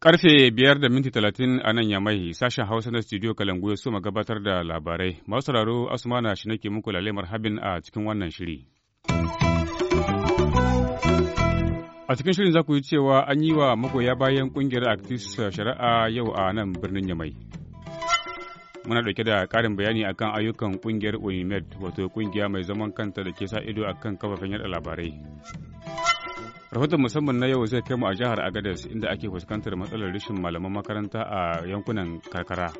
Karfe biyar da minti talatin a nan Yamai, sashen Hausa na studio Kalangu ya so gabatar da labarai. Masu sauraro Asumana shi nake muku lalemar habin a cikin wannan shiri. A cikin shirin za ku yi cewa an yi wa magoya bayan kungiyar Actis shari'a yau a nan birnin Yamai. muna dauke da karin bayani akan ayyukan kungiyar unimed wato kungiya mai zaman kanta da ke sa ido akan kafafen yada labarai rahoton musamman na yau zai kai mu a jihar agadez inda ake fuskantar matsalar rashin malaman makaranta a yankunan karkara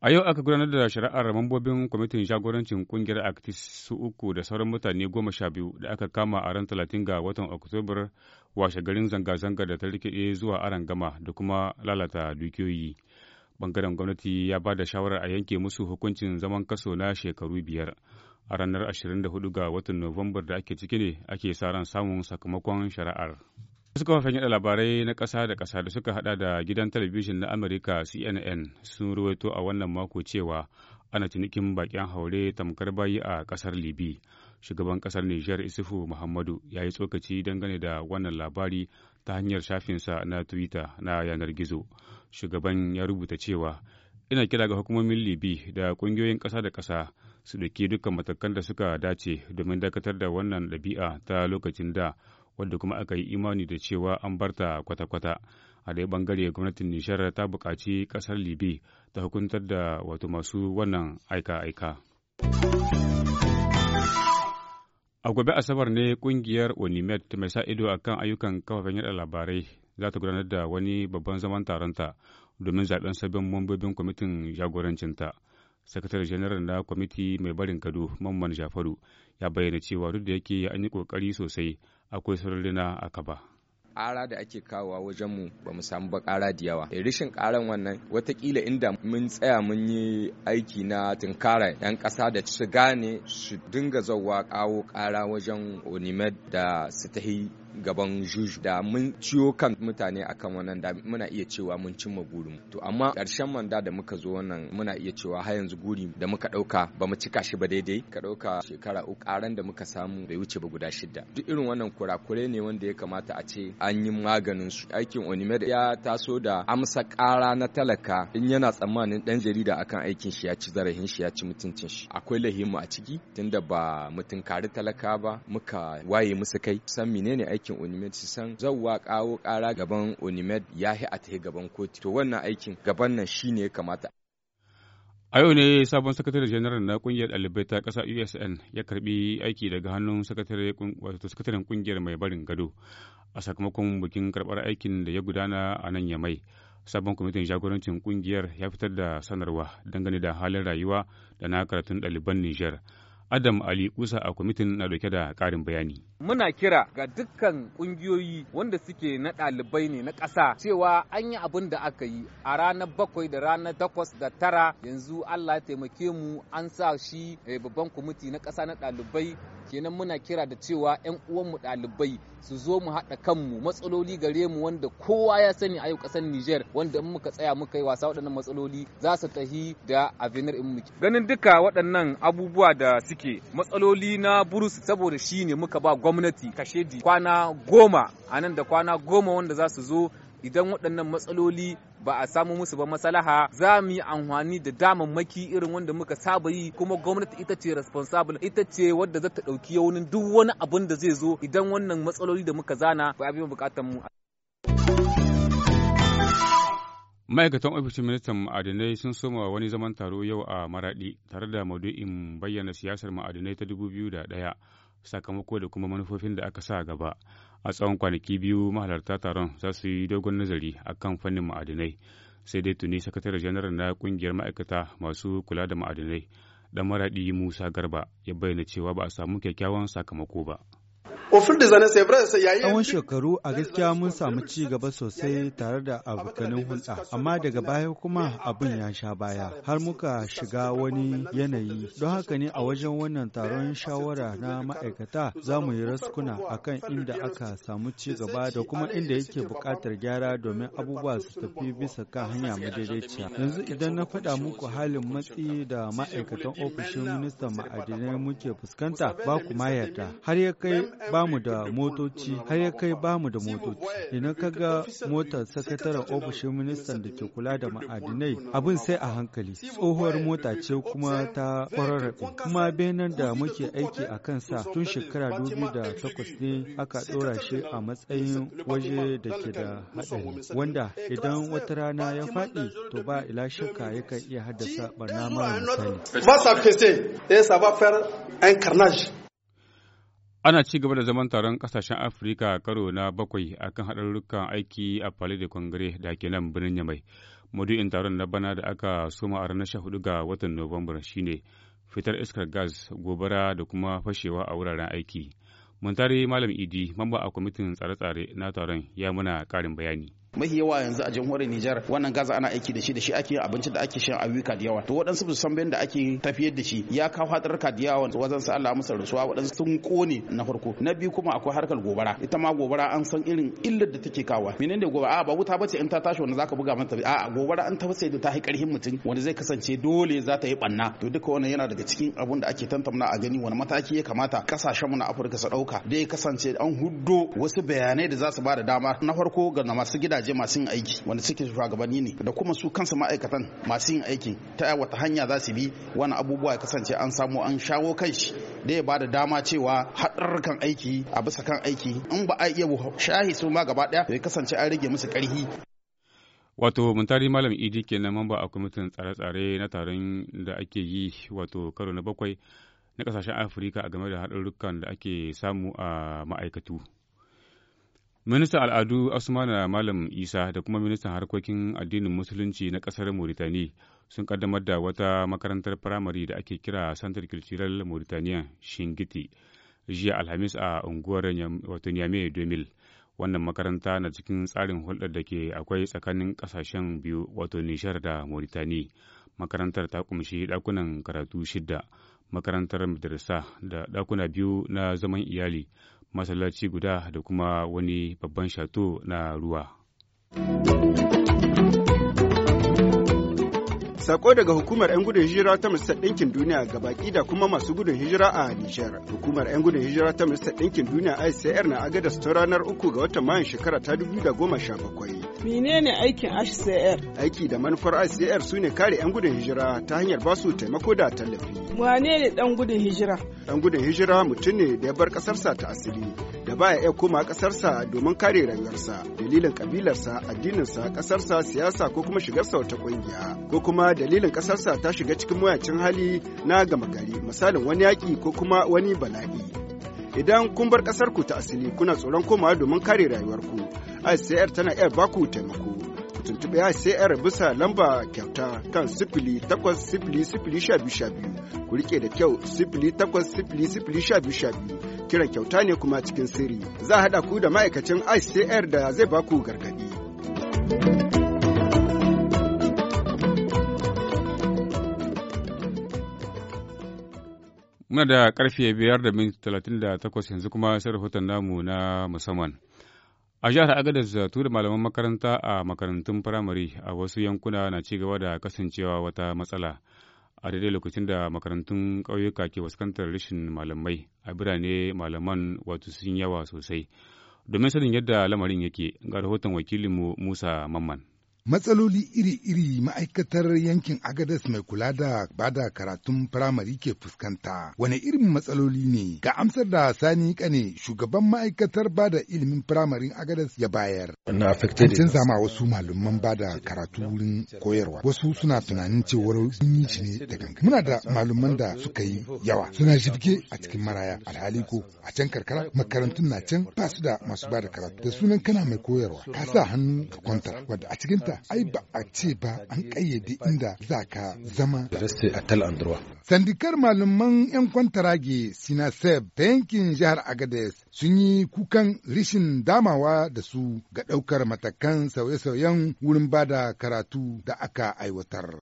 A yau aka gudanar da shari'ar mambobin kwamitin shagorancin kungiyar Actis su uku da sauran mutane goma sha biyu da aka kama a ran talatin ga watan Oktobar washe garin zanga-zanga da ta rikide zuwa aran gama da kuma lalata dukiyoyi. Bangaren gwamnati ya ba da shawarar a yanke musu hukuncin zaman kaso na shekaru biyar. A ranar 24 ga watan Nuwambar da ake ciki ne ake sa ran samun sakamakon shari'ar. Wasu kafafen yada labarai na ƙasa da ƙasa da suka hada da gidan talabijin na Amurka CNN sun ruwaito a wannan mako cewa ana tunikin bakin haure tamkar bayi a ƙasar Libi. Shugaban ƙasar niger Isufu Muhammadu ya yi tsokaci dangane da wannan labari ta hanyar shafinsa na Twitter na yanar gizo. Shugaban ya rubuta cewa ina kira ga hukumomin Libi da ƙungiyoyin ƙasa da ƙasa su ɗauki dukkan matakan da suka dace domin dakatar da wannan ɗabi'a ta lokacin da wadda kuma aka yi imani da cewa an barta kwata-kwata. A dai bangare gwamnatin Nishar ta buƙaci ƙasar Libi ta hukuntar da wato masu wannan aika-aika. A gobe Asabar ne kungiyar Onimet mai sa ido akan ayyukan kafafen yada labarai za ta gudanar da wani babban zaman taronta domin zaben sabbin mambobin kwamitin jagorancinta. sakatare janar na kwamiti mai barin gado mamman jafaru ya bayyana cewa duk da yake an yi kokari sosai akwai sararina a kaba. ƙara da ake kawowa wajenmu mu ba mu samu ba ƙara da yawa eh, rishin ƙaran wannan watakila inda mun tsaya mun yi aiki na tinkara yan ƙasa da su gane su dinga zauwa kawo ƙara wajen onimed da su yi. gaban juju da mun ciwo kan mutane akan wannan da muna iya cewa mun cimma burin to amma karshen manda da muka zo wannan muna iya cewa har yanzu guri da muka ɗauka ba mu cika shi ba daidai ka ɗauka shekara uku ƙaran da muka samu bai wuce ba guda shida duk irin wannan kurakurai ne wanda ya kamata a ce an yi maganin su aikin onimed ya taso da amsa ƙara na talaka in yana tsammanin ɗan jarida akan aikin shi ya ci zarafin shi ya ci mutuncin shi akwai lahimu a ciki tunda ba mutunkari talaka ba muka waye musu kai san menene aikin aikin unimed su san zauwa kawo kara gaban unimed ya a ta gaban kotu to wannan aikin gaban nan shi ya kamata a yau ne sabon sakatare janar na kungiyar ɗalibai ta ƙasa usn ya karbi aiki daga hannun sakataren kungiyar mai barin gado a sakamakon bikin karbar aikin da ya gudana a nan yamai sabon kwamitin jagorancin kungiyar ya fitar da sanarwa dangane da halin rayuwa da na karatun ɗaliban niger adam ali kusa a kwamitin na dauke da ƙarin bayani muna kira ga dukkan kungiyoyi wanda suke na ɗalibai ne na ƙasa cewa an yi abin da aka yi a ranar bakwai da ranar takwas da tara yanzu allah ya taimake mu an sa shi eh, babban kwamiti na ƙasa na ɗalibai kenan muna kira da cewa 'yan uwanmu ɗalibai su zo mu haɗa kanmu matsaloli gare mu wanda kowa ya sani a yau ƙasar Niger wanda in muka tsaya muka yi wasa waɗannan matsaloli za su tahi da avenir in muke. Ganin duka waɗannan abubuwa da suke matsaloli na burus saboda shi ne muka ba gwamnati kashedi kwana goma a nan da kwana goma wanda za su zo idan waɗannan matsaloli ba a samu musu ba masalaha za mu yi amfani da damammaki irin wanda muka saba yi kuma gwamnati ita ce responsible ita ce wadda za ta ɗauki yaunin duk wani abin da zai zo idan wannan matsaloli da muka zana ba a biyan bukatar mu. ma'aikatan ofishin ministan ma'adinai sun soma wani zaman taro yau a maraɗi tare da maudu'in bayyana siyasar ma'adinai ta 2001 sakamako da kuma manufofin da aka sa gaba a tsawon kwanaki biyu mahalarta taron za su yi dogon nazari a kan fannin ma'adinai sai dai tuni sakataren janar na kungiyar ma'aikata masu kula da ma'adinai dan maraɗi musa garba ya bayyana cewa ba a samu kyakkyawan sakamako ba. Tsawon shekaru a gaskiya mun samu ci gaba sosai tare da abokanin hulɗa, amma daga baya kuma abin ya sha baya har muka shiga wani yanayi. Don haka ne a wajen wannan taron shawara na ma'aikata za mu yi raskuna akan inda aka samu ci gaba da kuma inda yake buƙatar gyara domin abubuwa su tafi bisa kan hanya madaidaiciya. Yanzu idan na faɗa muku halin matsi da ma'aikatan ofishin ministan ma'adinai muke fuskanta ba ku ma yarda har ya kai ba bamu da motoci har ya kai bamu da motoci idan ka ga motar sakataren ofishin ministan da ke kula da ma'adinai abin sai a hankali tsohuwar mota ce kuma ta kwararrabe kuma benin da muke aiki a kansa tun shekara da takwas ne aka ɗora shi a matsayin waje da ke da haɗari wanda idan wata rana ya faɗi to ba ila shakka yakan iya haddasa barna mara misali. Ana ci gaba da zaman taron kasashen Afirka karo na bakwai akan haɗarurrukan aiki a fali da Congrès da ke nan birnin Yamai. madu'in taron na bana da aka soma a ranar 14 ga watan Nuwambar shine fitar iskar gas, gobara da kuma fashewa a wuraren aiki. mun tare Malam Idi, mamba a kwamitin tsare-tsare na taron ya muna ƙarin bayani. mahi yawa yanzu a jamhuriyar Nijar wannan gaza ana aiki da shi da shi ake yin abinci da ake shan ayyuka da yawa to waɗansu su san bayan da ake tafiyar da shi ya kawo ka da yawa wajen sa Allah musa rasuwa waɗansu sun kone na farko na biyu kuma akwai harkar gobara ita ma gobara an san irin illar da take kawa menene gobara a ba wuta bace in ta tashi wanda zaka buga mata a gobara an tabbata da ta yi karhin mutum wanda zai kasance dole za ta yi banna to duka wannan yana daga cikin abun da ake tantamna a gani wani mataki ya kamata kasashenmu na Afirka su dauka da ya kasance an huddo wasu bayanai da za su ba da dama na farko ga masu gida gidaje masu yin aiki wanda suke shugabanni ne da kuma su kansa ma'aikatan masu yin aiki ta wata hanya za su bi wani abubuwa ya kasance an samu an shawo kan shi da ya bada dama cewa haɗarkan aiki a bisa kan aiki in ba a iya shahi su ma gaba ɗaya ya kasance an rage musu ƙarfi wato tari malam idi kenan mamba a kwamitin tsare-tsare na taron da ake yi wato karo na bakwai na kasashen afirka a game da haɗarurrukan da ake samu a ma'aikatu. Ministan al'adu Asmana Malam Isa da kuma ministan harkokin addinin Musulunci na ƙasar Mauritani sun kaddamar da wata makarantar firamare da ake kira Santar Cultural Mauritania Shingiti jiya Alhamis a unguwar wato Niamey 2000. Wannan makaranta na cikin tsarin hulɗar da ke akwai tsakanin ƙasashen biyu wato Nishar da Mauritani. Makarantar ta kumshi ɗakunan karatu shidda makarantar madrasa da ɗakuna biyu na zaman iyali. masallaci guda da kuma wani babban shato na ruwa. Sako daga hukumar 'yan gudun hijira ta Majalisar Ɗinkin Duniya ga baki da kuma masu gudun hijira a Nijar. Hukumar 'yan gudun hijira ta Majalisar Ɗinkin Duniya ICR na su ta ranar uku ga watan Mayun shekara ta bakwai. Menene aikin ICR? Aiki da manufar ICR su ne kare 'yan gudun hijira ta hanyar ba su taimako da tallafi. Wane ne ɗan gudun hijira? Ɗan gudun hijira mutum ne da ya bar ƙasarsa ta asali da baya iya koma ƙasarsa domin kare rayuwarsa dalilin ƙabilarsa addininsa ƙasarsa siyasa ko kuma shigarsa wata ƙungiya ko kuma dalilin ƙasarsa ta shiga cikin mayacin hali na gama gari misalin wani yaƙi ko kuma wani bala'i idan kun bar ƙasarku ta asali kuna tsoron komawa domin kare rayuwarku ICR tana iya baku taimako ku tuntuɓe ICR bisa lamba kyauta kan sifili takwas sifili sifili sha biyu ku riƙe da kyau sifili takwas sifili sifili sha biyu kiran kyauta ne kuma cikin sirri za a haɗa ku da ma'aikacin ICR da zai baku gargaɗi Muna da karfe biyar da minti talatin da takwas yanzu kuma sai rahoton namu na musamman. A jihar Agadez zatu da malaman makaranta a makarantun firamare a wasu yankuna na cigaba da kasancewa wata matsala. A daidai lokacin da makarantun ƙauyuka ke fuskantar rashin malamai a birane malaman wato sun yawa sosai. Domin sanin yadda lamarin yake ga rahoton wakilinmu Musa Mamman. Matsaloli iri-iri ma'aikatar yankin Agadas mai kula da bada karatun firamare ke fuskanta. wani irin matsaloli ne? Ga amsar da Sani Kane, shugaban ma'aikatar bada ilimin firamarin Agadas ya bayar. An canza ma wasu malaman bada karatu wurin koyarwa. Wasu suna tunanin cewar sun yi shi ne da ganga. Muna da malaman da suka yi yawa. Suna shirke a cikin maraya. Alhali ko a can karkara makarantun na can ba su da masu bada karatu. Da sunan kana mai koyarwa. Ka sa hannu ka kwantar wadda a cikin ta? a ai ba a ce ba an ƙayyade inda za ka zama. Sandikar malaman 'yan kwantarage Sinaseb ta yankin jihar Agades sun yi kukan rishin damawa da su ga ɗaukar matakan sauye-sauyen wurin ba da karatu da aka aiwatar.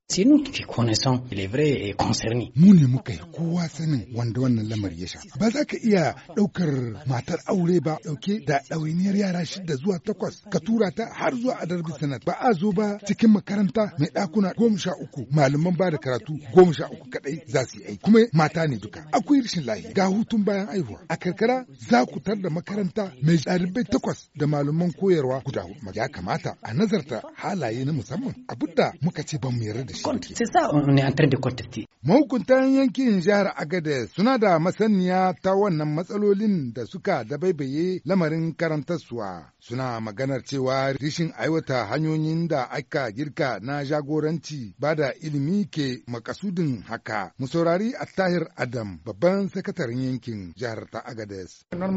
Mu ne muka yi kowa sanin wanda wannan lamari ya sha. Ba za ka iya ɗaukar matar aure ba ɗauke da ɗawainiyar yara shida zuwa takwas ka tura ta har zuwa adarbi sanat ba a zo ba cikin makaranta mai ɗakuna goma sha uku malaman ba da karatu goma sha uku kaɗai za su yi aiki kuma mata ne duka akwai rashin lahiya ga hutun bayan aihuwa a karkara za ku tar da makaranta mai ɗalibai takwas da malaman koyarwa guda hudu ya kamata a nazarta halaye na musamman da muka ce ban mu da shi mahukuntan yankin jihar agade suna da masaniya ta wannan matsalolin da suka dabaibaye lamarin karantarsuwa suna maganar cewa rishin aiwata hanyoyin da aka girka na jagoranci ba da ilimi ke makasudin haka. Mu a Attahir Adam babban sakataren yankin jihar ta Agades. Tun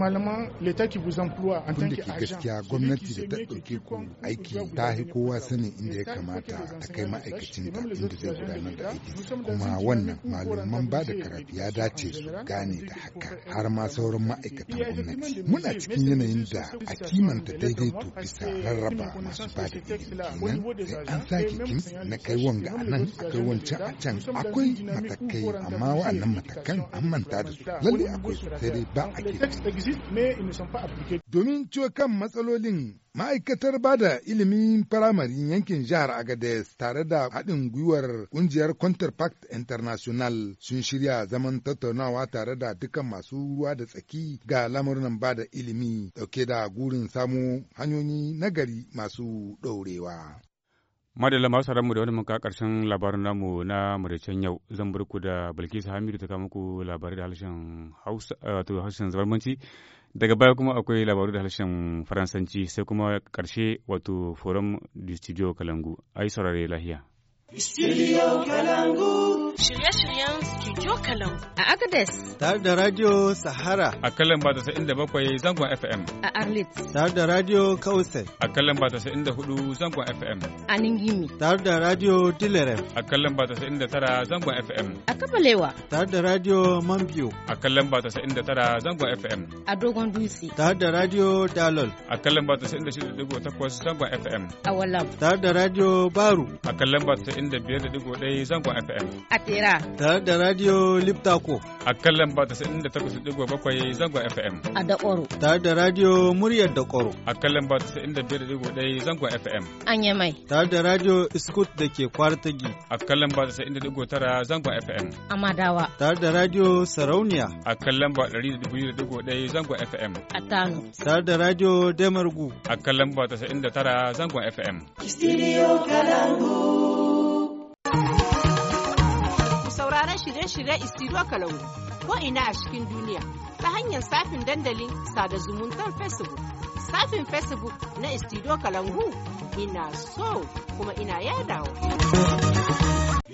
da ke gaskiya gwamnati da ta ɗauke ku aiki ta yi kowa sanin inda ya kamata ta kai ma'aikacinta inda zai gudanar da aikin kuma wannan malaman ba da karatu ya dace su gane da haka har ma sauran ma'aikatan gwamnati. Muna cikin yanayin da a kimanta to bisa rarraba masu ba da sai an sake kin na kai wanga a nan a kai wancan a can akwai matakai amma wa'annan matakan an manta da su lalle akwai su sai dai ba a ke domin ciwo kan matsalolin Ma'aikatar ba da ilimin firamarin yankin jihar Agadez tare da haɗin gwiwar ƙungiyar Counterpact International sun shirya zaman tattaunawa tare da dukkan masu ruwa da tsaki ga lamurin ba da ilimi ɗauke da gurin samu hanyoyi nagari masu ɗorewa. Madalla masu mu da wani muka karshen labarin namu na maraicen yau zan burku da Bilkisu Hamidu ta kama muku labarai da harshen Hausa wato harshen zabarmanci daga baya kuma akwai labaru da harshen faransanci sai kuma ƙarshe wato forum du studio kalangu ai saurare lahiya studio kalangu shirye-shiryen Studio kalam A Agadez. Tare da Radio Sahara. A kalan ba da bakwai zangon FM. A Arlit. Tare da Radio kawusai A kalan ba da hudu zangon FM. A Ningimi. Tare da Radio Dilerem. A kalan ba da tara zangon FM. A Kabalewa. Tare da Radio Mambiyo. A kalan ba da tara zangon FM. A Dogon Dutse. Tare da Radio Dalol. A kalan ba da takwas zangon FM. A Walam. Tare da Radio Baru. A kalan ba inda biyar da zangon FM. A Tera. Tare da Radio Liptako. A kan lamba bakwai zango FM. A Dakoro. Tare da Radio Muryar Dakoro. A kan lamba 95.1 zango FM. Anya mai. Tare da Radio Iskut da ke Kwartagi. A kan lamba tara zango FM. A Madawa. Tare da Radio Sarauniya. A kan lamba 102.1 zango FM. A Tano. Tare da Radio Demargu. A kan lamba tara zango FM. Studio Kalangu. shirye shirye istiro kalangu ko ina a cikin duniya ta hanyar safin dandalin sada zumuntar facebook safin facebook na istiro kalangu ina so kuma ina yadawa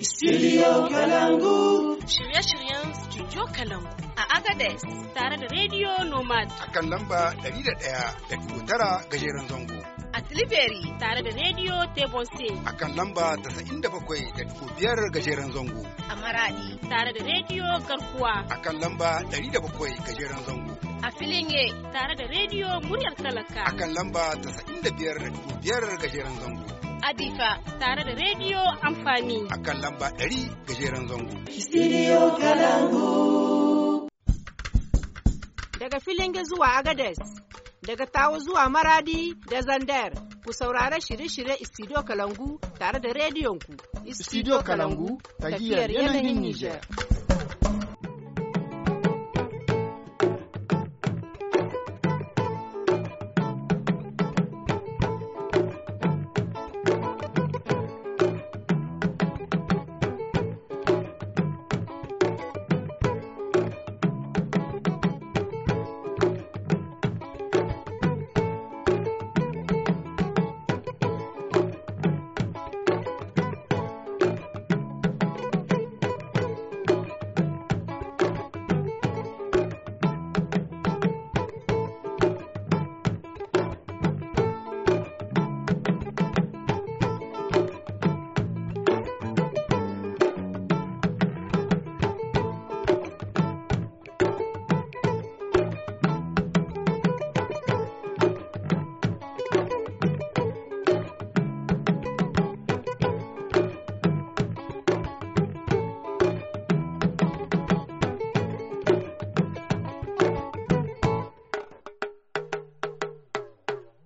Studio Kalangu. Shirye-shiryen Studio Kalangu a Agades tare da Radio Nomad. A kan lamba 101.9 gajeren zango. a Tilibiri tare da Radio Table A kan lamba da bakwai biyar gajeren zango. A Maradi tare da Radio Garkuwa. A kan lamba da bakwai gajeren zango. A Filinge tare da Radio Muryar Talaka. A kan lamba da biyar da biyar gajeren zango. A Adifa tare da Radio Amfani. A kan lamba dari gajeren zango. Studio Kalangu. Daga Filinge zuwa Agadez. daga tawo zuwa maradi da zandar ku saurara shirye-shirye studio kalangu tare da rediyonku studio kalangu tafiyar yanayin niger